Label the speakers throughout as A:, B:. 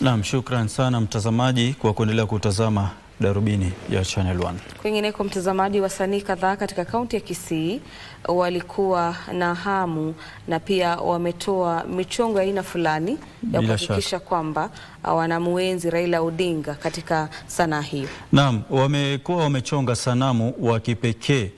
A: Naam, shukran sana mtazamaji kwa kuendelea kutazama Darubini ya Channel 1.
B: Kwingineko mtazamaji, wasanii kadhaa katika kaunti ya Kisii walikuwa na hamu na pia wametoa michongo ya aina fulani ya kuhakikisha kwamba uh, wanamuenzi Raila Odinga katika sanaa hiyo.
A: Naam, wamekuwa wamechonga sanamu wa kipekee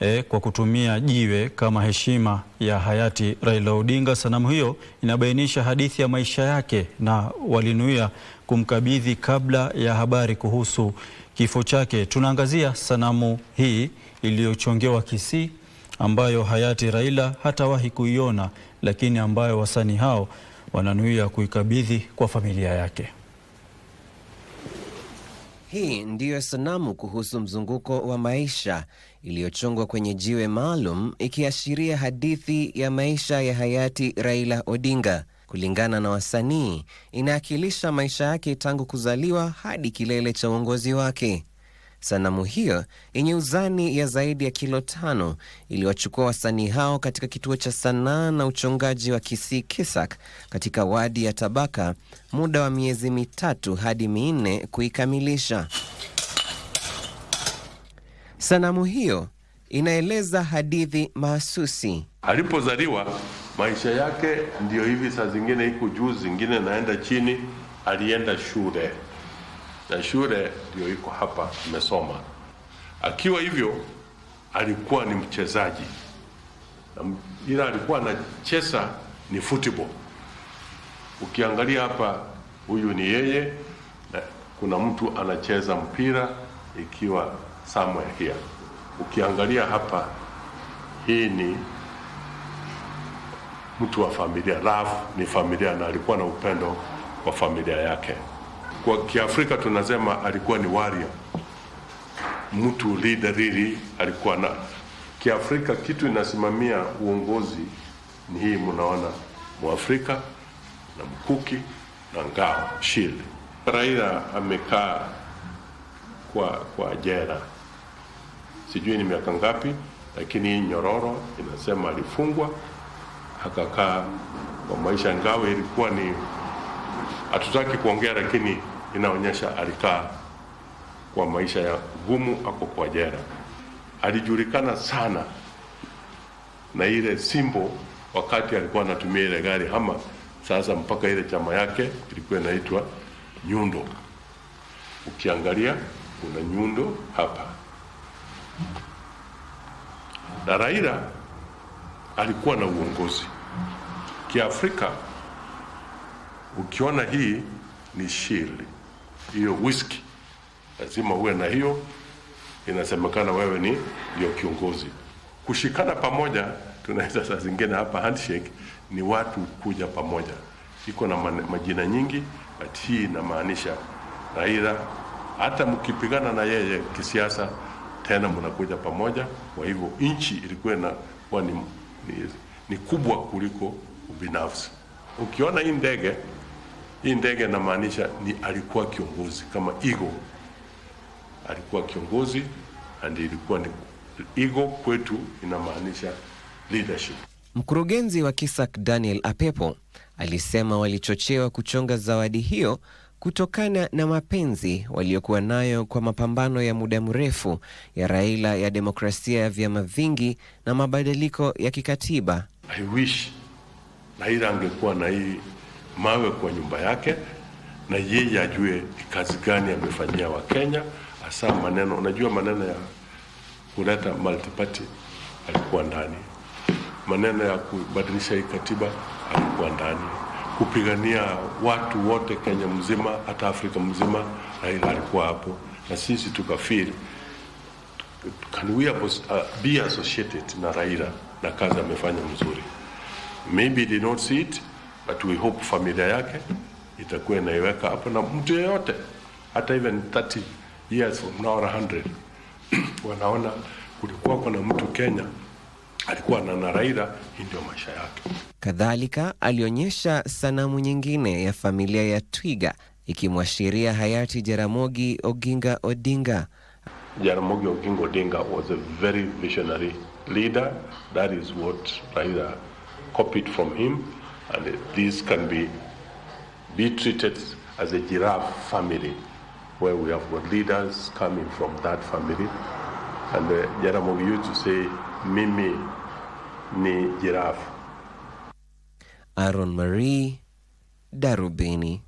A: eh, kwa kutumia jiwe kama heshima ya hayati Raila Odinga. Sanamu hiyo inabainisha hadithi ya maisha yake na walinuia kumkabidhi kabla ya habari kuhusu kifo chake. Tunaangazia sanamu hii iliyochongewa Kisii ambayo hayati Raila hatawahi kuiona, lakini ambayo wasanii hao wananuia kuikabidhi kwa familia yake.
C: Hii ndiyo sanamu kuhusu mzunguko wa maisha iliyochongwa kwenye jiwe maalum ikiashiria hadithi ya maisha ya hayati Raila Odinga. Kulingana na wasanii, inaakilisha maisha yake tangu kuzaliwa hadi kilele cha uongozi wake. Sanamu hiyo yenye uzani ya zaidi ya kilo tano iliwachukua wasanii hao katika kituo cha sanaa na uchongaji wa Kisii Kisak katika wadi ya Tabaka, muda wa miezi mitatu hadi minne kuikamilisha. Sanamu hiyo inaeleza hadithi mahsusi.
D: Alipozaliwa maisha yake ndiyo hivi, saa zingine iko juu, zingine naenda chini. Alienda shule na shule ndio iko hapa, nimesoma. Akiwa hivyo alikuwa ni mchezaji, ila alikuwa anacheza ni football. Ukiangalia hapa, huyu ni yeye, na kuna mtu anacheza mpira ikiwa somewhere here. Ukiangalia hapa, hii ni mtu wa familia, love ni familia, na alikuwa na upendo kwa familia yake kwa Kiafrika tunasema alikuwa ni warrior, mtu leader really, alikuwa na Kiafrika kitu inasimamia uongozi ni hii, mnaona Mwafrika na mkuki na ngao shield. Raila amekaa kwa kwa jela sijui ni miaka ngapi, lakini hii nyororo inasema alifungwa akakaa kwa maisha, ngao ilikuwa ni hatutaki kuongea lakini inaonyesha alikaa kwa maisha ya gumu, ako kwa jera. Alijulikana sana na ile simbo wakati alikuwa anatumia ile gari hama. Sasa mpaka ile chama yake ilikuwa inaitwa Nyundo. Ukiangalia kuna Nyundo hapa, na Raila alikuwa na uongozi Kiafrika. Ukiona hii ni shili hiyo whisky, lazima uwe na hiyo. Inasemekana wewe ni ndio kiongozi. Kushikana pamoja, tunaweza saa zingine hapa handshake ni watu kuja pamoja, iko na majina nyingi, but hii inamaanisha Raila, hata mkipigana na yeye kisiasa, tena mnakuja pamoja. Kwa hivyo nchi ilikuwa na ni, ni, ni kubwa kuliko ubinafsi. Ukiona hii ndege hii ndege inamaanisha ni alikuwa kiongozi kama Igo, alikuwa kiongozi and ilikuwa ni Igo kwetu inamaanisha leadership.
C: Mkurugenzi wa Kisak Daniel Apepo alisema walichochewa kuchonga zawadi hiyo kutokana na mapenzi waliokuwa nayo kwa mapambano ya muda mrefu ya Raila ya demokrasia ya vyama vingi na mabadiliko ya kikatiba.
D: I wish Raila angekuwa na hii mawe kwa nyumba yake, na yeye ajue kazi gani amefanyia Wakenya, hasa maneno. Unajua maneno ya kuleta multiparty alikuwa ndani, maneno ya kubadilisha hii katiba alikuwa ndani, kupigania watu wote Kenya mzima, hata Afrika mzima, Raila alikuwa hapo, na sisi tukafeel can we uh, be associated na Raila na kazi amefanya mzuri, maybe did not see it but we hope familia yake itakuwa inaiweka hapo, na mtu yeyote hata even 30 years from now or 100 wanaona kulikuwa kuna mtu Kenya alikuwa na naraira hii ndio maisha yake.
C: Kadhalika alionyesha sanamu nyingine ya familia ya twiga ikimwashiria hayati Jaramogi Oginga Odinga.
E: Jaramogi Oginga Odinga was a very visionary leader. That is what Raila copied from him. And these can be, be treated as a giraffe family, where we have got leaders coming from that family. And uh, Jaramogi used to say, mimi ni giraffe.
C: Aaron Marie Darubini.